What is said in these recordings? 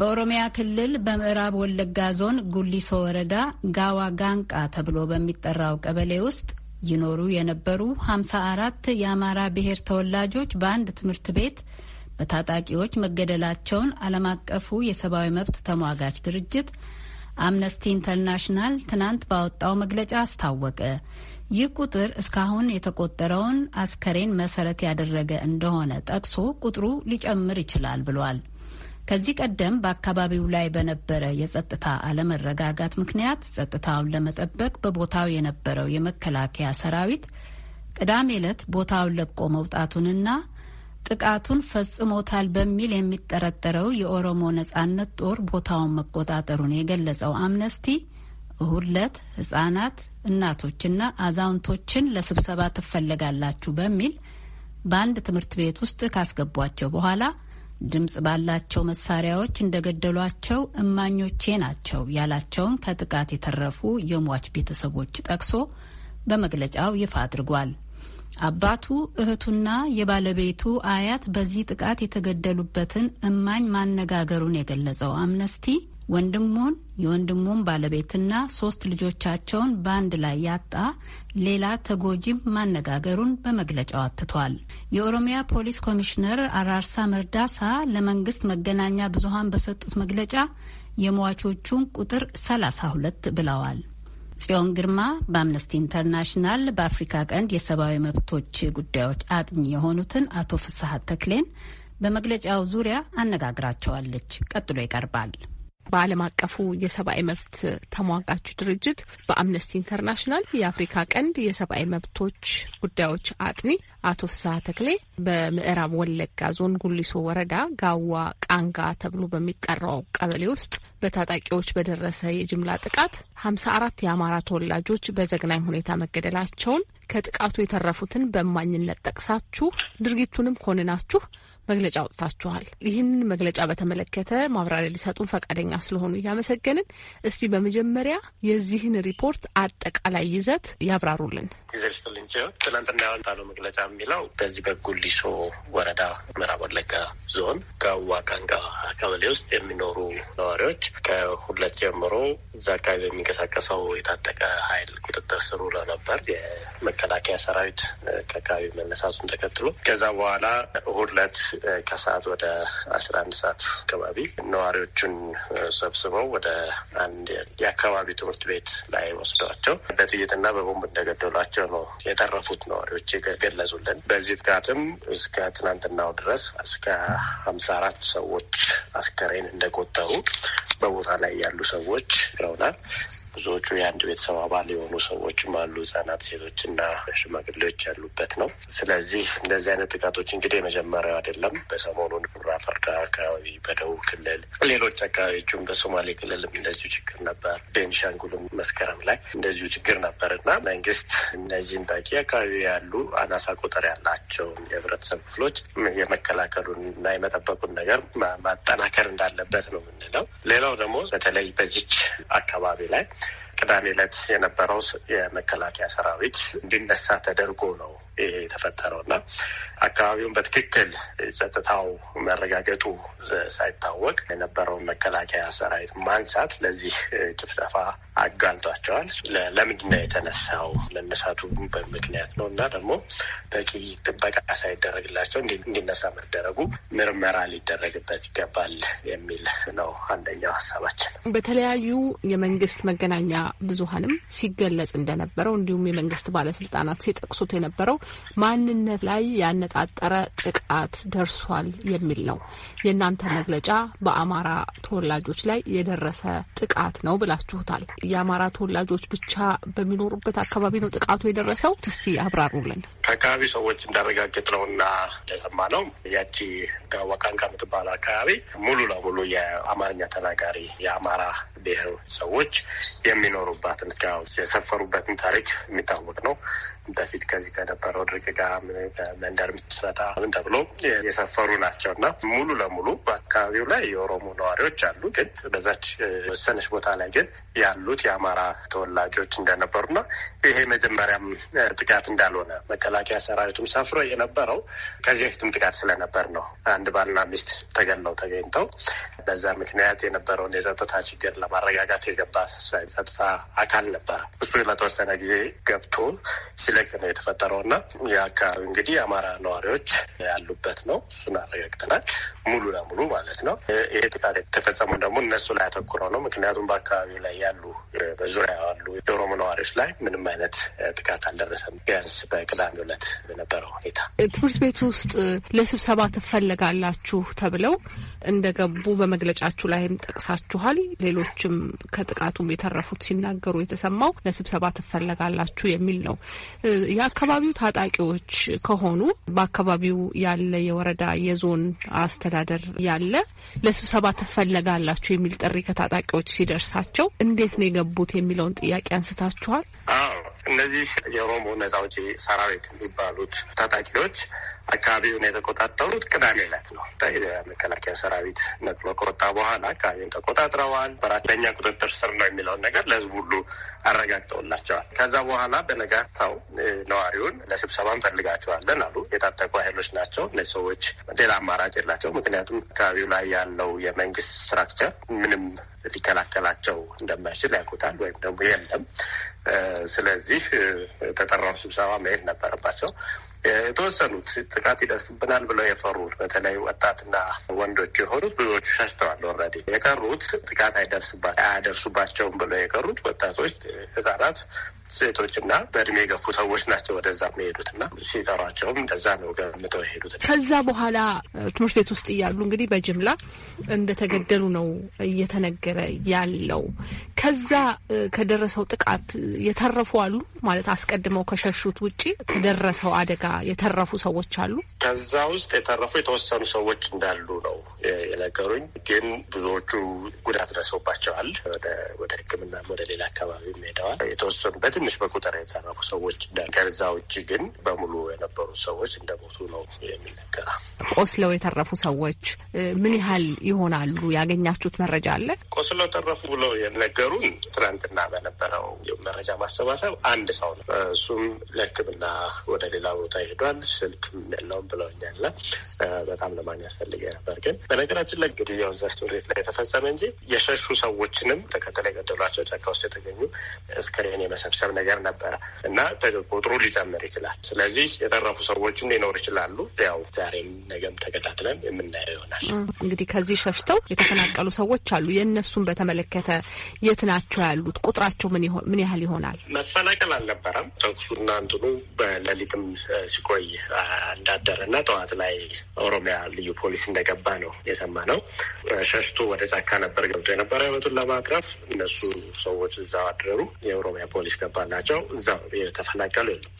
በኦሮሚያ ክልል በምዕራብ ወለጋ ዞን ጉሊሶ ወረዳ ጋዋ ጋንቃ ተብሎ በሚጠራው ቀበሌ ውስጥ ይኖሩ የነበሩ 54 የአማራ ብሔር ተወላጆች በአንድ ትምህርት ቤት በታጣቂዎች መገደላቸውን ዓለም አቀፉ የሰብአዊ መብት ተሟጋች ድርጅት አምነስቲ ኢንተርናሽናል ትናንት ባወጣው መግለጫ አስታወቀ። ይህ ቁጥር እስካሁን የተቆጠረውን አስከሬን መሰረት ያደረገ እንደሆነ ጠቅሶ ቁጥሩ ሊጨምር ይችላል ብሏል። ከዚህ ቀደም በአካባቢው ላይ በነበረ የጸጥታ አለመረጋጋት ምክንያት ጸጥታውን ለመጠበቅ በቦታው የነበረው የመከላከያ ሰራዊት ቅዳሜ ዕለት ቦታውን ለቆ መውጣቱንና ጥቃቱን ፈጽሞታል በሚል የሚጠረጠረው የኦሮሞ ነጻነት ጦር ቦታውን መቆጣጠሩን የገለጸው አምነስቲ እሁድ ዕለት ህጻናት፣ እናቶችና አዛውንቶችን ለስብሰባ ትፈለጋላችሁ በሚል በአንድ ትምህርት ቤት ውስጥ ካስገቧቸው በኋላ ድምፅ ባላቸው መሳሪያዎች እንደገደሏቸው እማኞቼ ናቸው ያላቸውን ከጥቃት የተረፉ የሟች ቤተሰቦች ጠቅሶ በመግለጫው ይፋ አድርጓል። አባቱ እህቱና የባለቤቱ አያት በዚህ ጥቃት የተገደሉበትን እማኝ ማነጋገሩን የገለጸው አምነስቲ ወንድሙን የወንድሙን ባለቤትና ሶስት ልጆቻቸውን በአንድ ላይ ያጣ ሌላ ተጎጂም ማነጋገሩን በመግለጫው አትቷል። የኦሮሚያ ፖሊስ ኮሚሽነር አራርሳ መርዳሳ ለመንግስት መገናኛ ብዙሃን በሰጡት መግለጫ የሟቾቹን ቁጥር 32 ብለዋል። ጽዮን ግርማ በአምነስቲ ኢንተርናሽናል በአፍሪካ ቀንድ የሰብአዊ መብቶች ጉዳዮች አጥኚ የሆኑትን አቶ ፍስሀት ተክሌን በመግለጫው ዙሪያ አነጋግራቸዋለች። ቀጥሎ ይቀርባል። በዓለም አቀፉ የሰብአዊ መብት ተሟጋች ድርጅት በአምነስቲ ኢንተርናሽናል የአፍሪካ ቀንድ የሰብአዊ መብቶች ጉዳዮች አጥኒ አቶ ፍስሀ ተክሌ በምዕራብ ወለጋ ዞን ጉሊሶ ወረዳ ጋዋ ቃንጋ ተብሎ በሚጠራው ቀበሌ ውስጥ በታጣቂዎች በደረሰ የጅምላ ጥቃት ሀምሳ አራት የአማራ ተወላጆች በዘግናኝ ሁኔታ መገደላቸውን ከጥቃቱ የተረፉትን በማኝነት ጠቅሳችሁ ድርጊቱንም ኮንናችሁ መግለጫ አውጥታችኋል። ይህንን መግለጫ በተመለከተ ማብራሪያ ሊሰጡን ፈቃደኛ ስለሆኑ እያመሰገንን፣ እስቲ በመጀመሪያ የዚህን ሪፖርት አጠቃላይ ይዘት ያብራሩልን። ጊዜ ስትልንጭ ትናንትና ያወጣነው መግለጫ የሚለው በዚህ በጉሊሶ ወረዳ ምዕራብ ወለጋ ዞን ጋዋ ቀንጋ ቀበሌ ውስጥ የሚኖሩ ነዋሪዎች ከሁለት ጀምሮ እዛ አካባቢ በሚንቀሳቀሰው የታጠቀ ኃይል ቁጥጥር ስር ውለው ነበር። መከላከያ ሰራዊት ከአካባቢ መነሳቱን ተከትሎ ከዛ በኋላ እሁድ ዕለት ከሰዓት ወደ አስራ አንድ ሰዓት አካባቢ ነዋሪዎቹን ሰብስበው ወደ አንድ የአካባቢ ትምህርት ቤት ላይ ወስደዋቸው በጥይትና በቦምብ እንደገደሏቸው ነው የተረፉት ነዋሪዎች የገለጹልን። በዚህ ጥቃትም እስከ ትናንትናው ድረስ እስከ ሀምሳ አራት ሰዎች አስከሬን እንደቆጠሩ በቦታ ላይ ያሉ ሰዎች ይረውናል። ብዙዎቹ የአንድ ቤተሰብ አባል የሆኑ ሰዎችም አሉ፣ ህጻናት፣ ሴቶችና ሽማግሌዎች ያሉበት ነው። ስለዚህ እንደዚህ አይነት ጥቃቶች እንግዲህ የመጀመሪያው አይደለም። በሰሞኑን ጉራ ፈርዳ አካባቢ በደቡብ ክልል፣ ሌሎች አካባቢዎችም በሶማሌ ክልልም እንደዚሁ ችግር ነበር። ቤንሻንጉልም መስከረም ላይ እንደዚሁ ችግር ነበር እና መንግስት እነዚህን ታቂ አካባቢ ያሉ አናሳ ቁጥር ያላቸውን የህብረተሰብ ክፍሎች የመከላከሉን እና የመጠበቁን ነገር ማጠናከር እንዳለበት ነው የምንለው። ሌላው ደግሞ በተለይ በዚች አካባቢ ላይ ቅዳሜ ዕለት የነበረው የመከላከያ ሰራዊት እንዲነሳ ተደርጎ ነው የተፈጠረው እና አካባቢውን በትክክል ጸጥታው መረጋገጡ ሳይታወቅ የነበረውን መከላከያ ሰራዊት ማንሳት ለዚህ ጭፍጨፋ አጋልጧቸዋል። ለምንድነው የተነሳው? መነሳቱ በምክንያት ነው እና ደግሞ በቂ ጥበቃ ሳይደረግላቸው እንዲነሳ መደረጉ ምርመራ ሊደረግበት ይገባል የሚል ነው አንደኛው ሀሳባችን። በተለያዩ የመንግስት መገናኛ ብዙሀንም ሲገለጽ እንደነበረው እንዲሁም የመንግስት ባለስልጣናት ሲጠቅሱት የነበረው ማንነት ላይ ያነጣጠረ ጥቃት ደርሷል የሚል ነው። የእናንተ መግለጫ በአማራ ተወላጆች ላይ የደረሰ ጥቃት ነው ብላችሁታል። የአማራ ተወላጆች ብቻ በሚኖሩበት አካባቢ ነው ጥቃቱ የደረሰው? እስቲ አብራሩልን። ከአካባቢ ሰዎች እንዳረጋገጥ ነው እና እንደሰማ ነው ያቺ ዋቃንቃ ከምትባል አካባቢ ሙሉ ለሙሉ የአማርኛ ተናጋሪ የአማራ ብሔር ሰዎች የሚኖሩባትን የሰፈሩበትን ታሪክ የሚታወቅ ነው። በፊት ከዚህ ከነበረው ድርቅ ጋር መንደር ምስረታ ምን ተብሎ የሰፈሩ ናቸው እና ሙሉ ለሙሉ በአካባቢው ላይ የኦሮሞ ነዋሪዎች አሉ። ግን በዛች ወሰነች ቦታ ላይ ግን ያሉት የአማራ ተወላጆች እንደነበሩና ይሄ መጀመሪያም ጥቃት እንዳልሆነ መከላ መከላከያ ሰራዊቱም ሰፍሮ የነበረው ከዚህ በፊትም ጥቃት ስለነበር ነው። አንድ ባልና ሚስት ተገለው ተገኝተው በዛ ምክንያት የነበረውን የጸጥታ ችግር ለማረጋጋት የገባ ጸጥታ አካል ነበረ። እሱ ለተወሰነ ጊዜ ገብቶ ሲለቅ ነው የተፈጠረው እና የአካባቢ እንግዲህ የአማራ ነዋሪዎች ያሉበት ነው። እሱን አረጋግጠናል ሙሉ ለሙሉ ማለት ነው። ይሄ ጥቃት የተፈጸመው ደግሞ እነሱ ላይ ያተኩረው ነው። ምክንያቱም በአካባቢው ላይ ያሉ በዙሪያ ያሉ የኦሮሞ ነዋሪዎች ላይ ምንም አይነት ጥቃት አልደረሰም። ቢያንስ በቅዳሜ ግንኙነት በነበረው ሁኔታ ትምህርት ቤት ውስጥ ለስብሰባ ትፈለጋላችሁ ተብለው እንደገቡ በመግለጫችሁ ላይም ጠቅሳችኋል። ሌሎችም ከጥቃቱም የተረፉት ሲናገሩ የተሰማው ለስብሰባ ትፈለጋላችሁ የሚል ነው። የአካባቢው ታጣቂዎች ከሆኑ በአካባቢው ያለ የወረዳ የዞን አስተዳደር ያለ ለስብሰባ ትፈለጋላችሁ የሚል ጥሪ ከታጣቂዎች ሲደርሳቸው እንዴት ነው የገቡት የሚለውን ጥያቄ አንስታችኋል። እነዚህ የኦሮሞ ነጻ አውጪ ሰራዊት የሚባሉት ታጣቂዎች አካባቢውን የተቆጣጠሩት ቅዳሜ ዕለት ነው። የመከላከያ ሰራዊት ነቅሎ ከወጣ በኋላ አካባቢውን ተቆጣጥረዋል። በራተኛ ቁጥጥር ስር ነው የሚለውን ነገር ለህዝቡ ሁሉ አረጋግጠውላቸዋል። ከዛ በኋላ በነጋታው ነዋሪውን ለስብሰባ እንፈልጋቸዋለን አሉ። የታጠቁ ኃይሎች ናቸው እነዚህ ሰዎች፣ ሌላ አማራጭ የላቸው። ምክንያቱም አካባቢው ላይ ያለው የመንግስት ስትራክቸር ምንም ሊከላከላቸው እንደማይችል ያውቁታል፣ ወይም ደግሞ የለም። ስለዚህ የተጠራውን ስብሰባ መሄድ ነበረባቸው። የተወሰኑት ጥቃት ይደርስብናል ብለው የፈሩት በተለይ ወጣትና ወንዶች የሆኑት ብዙዎቹ ሸሽተዋል። ኦልሬዲ የቀሩት ጥቃት አይደርስባ አያደርሱባቸውም ብለው የቀሩት ወጣቶች፣ ህጻናት ሴቶችና በእድሜ የገፉ ሰዎች ናቸው ወደዛ የሚሄዱት እና ሲጠሯቸውም እንደዛ ነው ገምተው የሄዱት። ከዛ በኋላ ትምህርት ቤት ውስጥ እያሉ እንግዲህ በጅምላ እንደተገደሉ ነው እየተነገረ ያለው። ከዛ ከደረሰው ጥቃት የተረፉ አሉ ማለት አስቀድመው ከሸሹት ውጪ ከደረሰው አደጋ የተረፉ ሰዎች አሉ። ከዛ ውስጥ የተረፉ የተወሰኑ ሰዎች እንዳሉ ነው የነገሩኝ። ግን ብዙዎቹ ጉዳት ደርሶባቸዋል። ወደ ሕክምናም ወደ ሌላ አካባቢ ሄደዋል። የተወሰኑበት በትንሽ በቁጥር የተረፉ ሰዎች ከዛ ውጭ ግን በሙሉ የነበሩ ሰዎች እንደ ሞቱ ነው የሚነገረው። ቆስለው የተረፉ ሰዎች ምን ያህል ይሆናሉ? ያገኛችሁት መረጃ አለ? ቆስለው ተረፉ ብለው የነገሩን ትናንትና በነበረው መረጃ ማሰባሰብ አንድ ሰው ነው። እሱም ለሕክምና ወደ ሌላ ቦታ ይሄዷል። ስልክም የለውም ብለውኛል። በጣም ለማን ያስፈልገ ነበር። ግን በነገራችን ላይ እንግዲህ ያው እዛ ስቶሬት ላይ የተፈጸመ እንጂ የሸሹ ሰዎችንም ተከተለ የገደሏቸው ጫካ ውስጥ የተገኙ እስከሬን የመሰብሰብ የሚታሰብ ነገር ነበረ እና ቁጥሩ ሊጨምር ይችላል። ስለዚህ የተረፉ ሰዎችም ሊኖር ይችላሉ። ያው ዛሬም ነገም ተከታትለን የምናየው ይሆናል። እንግዲህ ከዚህ ሸሽተው የተፈናቀሉ ሰዎች አሉ። የእነሱን በተመለከተ የት ናቸው ያሉት? ቁጥራቸው ምን ያህል ይሆናል? መፈናቀል አልነበረም። ተኩሱና እንትኑ በሌሊትም ሲቆይ እንዳደረና ጠዋት ላይ ኦሮሚያ ልዩ ፖሊስ እንደገባ ነው የሰማ ነው። ሸሽቶ ወደ ጫካ ነበር ገብቶ የነበረ ህይወቱን ለማትረፍ እነሱ ሰዎች እዛው አደሩ። የኦሮሚያ ፖሊስ ገባ ያስገባናቸው እዛው የተፈናቀሉ የለም።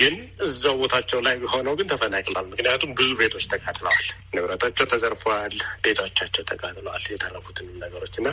ግን እዛው ቦታቸው ላይ ሆነው ግን ተፈናቅለዋል። ምክንያቱም ብዙ ቤቶች ተቃጥለዋል፣ ንብረታቸው ተዘርፈዋል፣ ቤቶቻቸው ተቃጥለዋል። የተረፉትን ነገሮች እና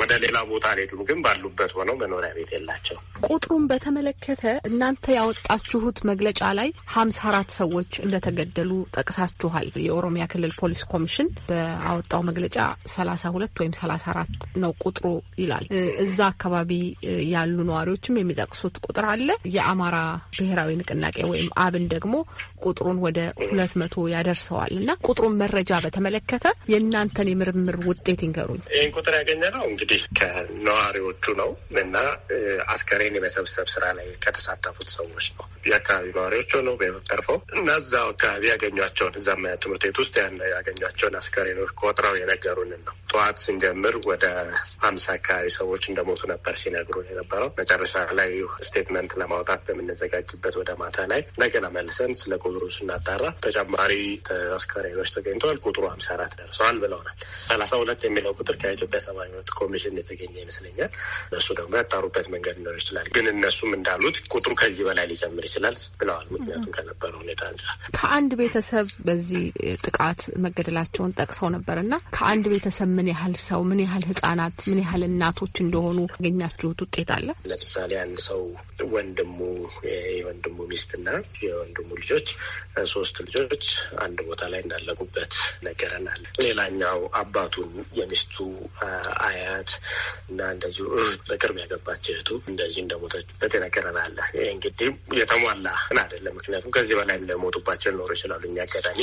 ወደ ሌላ ቦታ አልሄዱም፣ ግን ባሉበት ሆነው መኖሪያ ቤት የላቸው። ቁጥሩን በተመለከተ እናንተ ያወጣችሁት መግለጫ ላይ ሀምሳ አራት ሰዎች እንደተገደሉ ጠቅሳችኋል። የኦሮሚያ ክልል ፖሊስ ኮሚሽን በአወጣው መግለጫ ሰላሳ ሁለት ወይም ሰላሳ አራት ነው ቁጥሩ ይላል። እዛ አካባቢ ያሉ ነዋሪዎችም የሚጠቅሱት ቁጥር አለ። የአማራ ብሔራዊ ንቅናቄ ወይም አብን ደግሞ ቁጥሩን ወደ ሁለት መቶ ያደርሰዋል እና ቁጥሩን መረጃ በተመለከተ የእናንተን የምርምር ውጤት ይንገሩኝ። ይህን ቁጥር ያገኘ ነው እንግዲህ ከነዋሪዎቹ ነው እና አስከሬን የመሰብሰብ ስራ ላይ ከተሳተፉት ሰዎች ነው። የአካባቢ ነዋሪዎች ሆነው ተርፈው እና እዛው አካባቢ ያገኟቸውን እዛም ትምህርት ቤት ውስጥ ያገኟቸውን አስከሬኖች ቆጥረው የነገሩንን ነው። ጠዋት ስንጀምር ወደ ሀምሳ አካባቢ ሰዎች እንደሞቱ ነበር ሲነግሩን የነበረው መጨረሻ ላይ ስቴትመንት ለማውጣት በምንዘጋጅበት ወደ ማታ ላይ እንደገና መልሰን ስለ ቁጥሩ ስናጣራ ተጨማሪ አስከሬኖች ተገኝተዋል። ቁጥሩ ሀምሳ አራት ደርሰዋል ብለውናል። ሰላሳ ሁለት የሚለው ቁጥር ከኢትዮጵያ ሰብአዊ መብት ኮሚሽን የተገኘ ይመስለኛል። እሱ ደግሞ ያጣሩበት መንገድ ሊኖር ይችላል። ግን እነሱም እንዳሉት ቁጥሩ ከዚህ በላይ ሊጨምር ይችላል ብለዋል። ምክንያቱም ከነበረው ሁኔታ አንጻር ከአንድ ቤተሰብ በዚህ ጥቃት መገደላቸውን ጠቅሰው ነበር እና ከአንድ ቤተሰብ ምን ያህል ሰው ምን ያህል ህጻናት ምን ያህል እናቶች እንደሆኑ ያገኛችሁት ውጤት አለ? ለምሳሌ አንድ ሰው ወንድሙ የወንድሙ ሚስትና የወንድሙ ልጆች ሶስት ልጆች አንድ ቦታ ላይ እንዳለቁበት ነገረናል። ሌላኛው አባቱን የሚስቱ አያት እና እንደዚሁ በቅርብ ያገባች እህቱ እንደዚህ እንደሞተችበት ይነገረናል። ይህ እንግዲህ የተሟላ አይደለም። ምክንያቱም ከዚህ በላይ እንደሞቱባቸው ሊኖሩ ይችላሉ። እኛ አጋጣሚ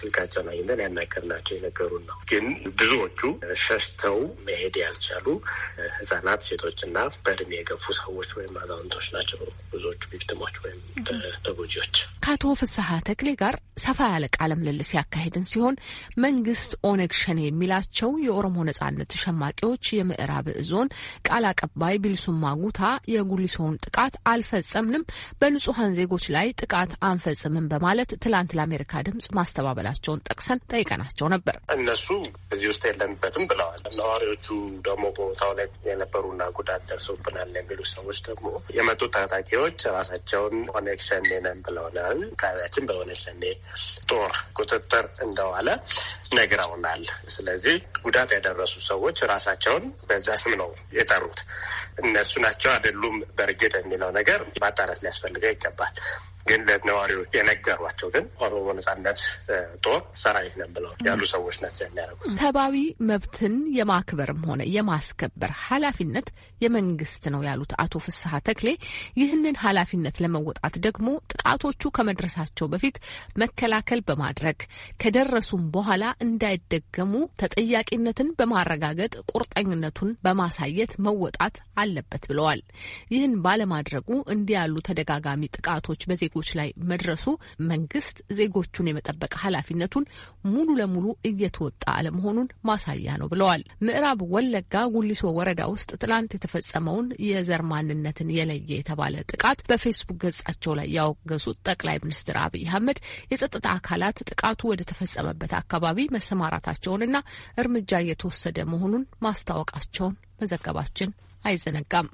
ስልካቸውን አግኝተን ያናገርናቸው የነገሩን ነው። ግን ብዙዎቹ ሸሽተው መሄድ ያልቻሉ ህጻናት፣ ሴቶችና በእድሜ የገፉ ሰዎች ወይም አዛውንቶች ናቸው ብዙዎቹ ቪክቲሞች ወይም ተጎጂዎች። ከአቶ ፍስሀ ተክሌ ጋር ሰፋ ያለ ቃለ ምልልስ ያካሄድን ሲሆን መንግስት ኦነግ ሸኔ የሚላቸው የኦሮሞ ነጻነት ሸማቂዎች የምዕራብ ዞን ቃል አቀባይ ቢልሱማ ጉታ የጉሊሶውን ጥቃት አልፈጸምንም፣ በንጹሐን ዜጎች ላይ ጥቃት አንፈጽምም በማለት ትላንት ለአሜሪካ ድምጽ ማስተባበላቸውን ጠቅሰን ጠይቀናቸው ነበር። እነሱ እዚህ ውስጥ የለንበትም ብለዋል። ነዋሪዎቹ ደግሞ በቦታው ላይ የነበሩና ጉዳት ደርሶብናል የሚሉ ሰዎች ደግሞ የመጡት ታጣቂዎች ራሳቸውን ኦነግ ሸኔ ነን ብለውናል። አካባቢያችን በኦነግ ሸኔ ጦር ቁጥጥር እንደዋለ ነግረውናል። ስለዚህ ጉዳት ያደረሱ ሰዎች ራሳቸውን በዛ ስም ነው የጠሩት። እነሱ ናቸው አይደሉም በእርግጥ የሚለው ነገር ማጣረስ ሊያስፈልገው ይገባል። ግን ለነዋሪዎች የነገሯቸው ግን ኦሮሞ ነጻነት ጦር ሰራዊት ነን ብለው ያሉ ሰዎች ናቸው የሚያደርጉት። ሰብአዊ መብትን የማክበርም ሆነ የማስከበር ኃላፊነት የመንግስት ነው ያሉት አቶ ፍስሀ ተክሌ ይህንን ኃላፊነት ለመወጣት ደግሞ ጥቃቶቹ ከመድረሳቸው በፊት መከላከል በማድረግ ከደረሱም በኋላ እንዳይደገሙ ተጠያቂነትን በማረጋገጥ ቁርጠኝነቱን በማሳየት መወጣት አለበት ብለዋል። ይህን ባለማድረጉ እንዲህ ያሉ ተደጋጋሚ ጥቃቶች በዜጎች ላይ መድረሱ መንግስት ዜጎቹን የመጠበቅ ኃላፊነቱን ሙሉ ለሙሉ እየተወጣ አለመሆኑን ማሳያ ነው ብለዋል። ምዕራብ ወለጋ ጉሊሶ ወረዳ ውስጥ ትላንት የተፈጸመውን የዘር ማንነትን የለየ የተባለ ጥቃት በፌስቡክ ገጻቸው ላይ ያወገዙት ጠቅላይ ሚኒስትር አብይ አህመድ የጸጥታ አካላት ጥቃቱ ወደ ተፈጸመበት አካባቢ መሰማራታቸውንና እርምጃ እየተወሰደ መሆኑን ማስታወቃቸውን መዘገባችን አይዘነጋም።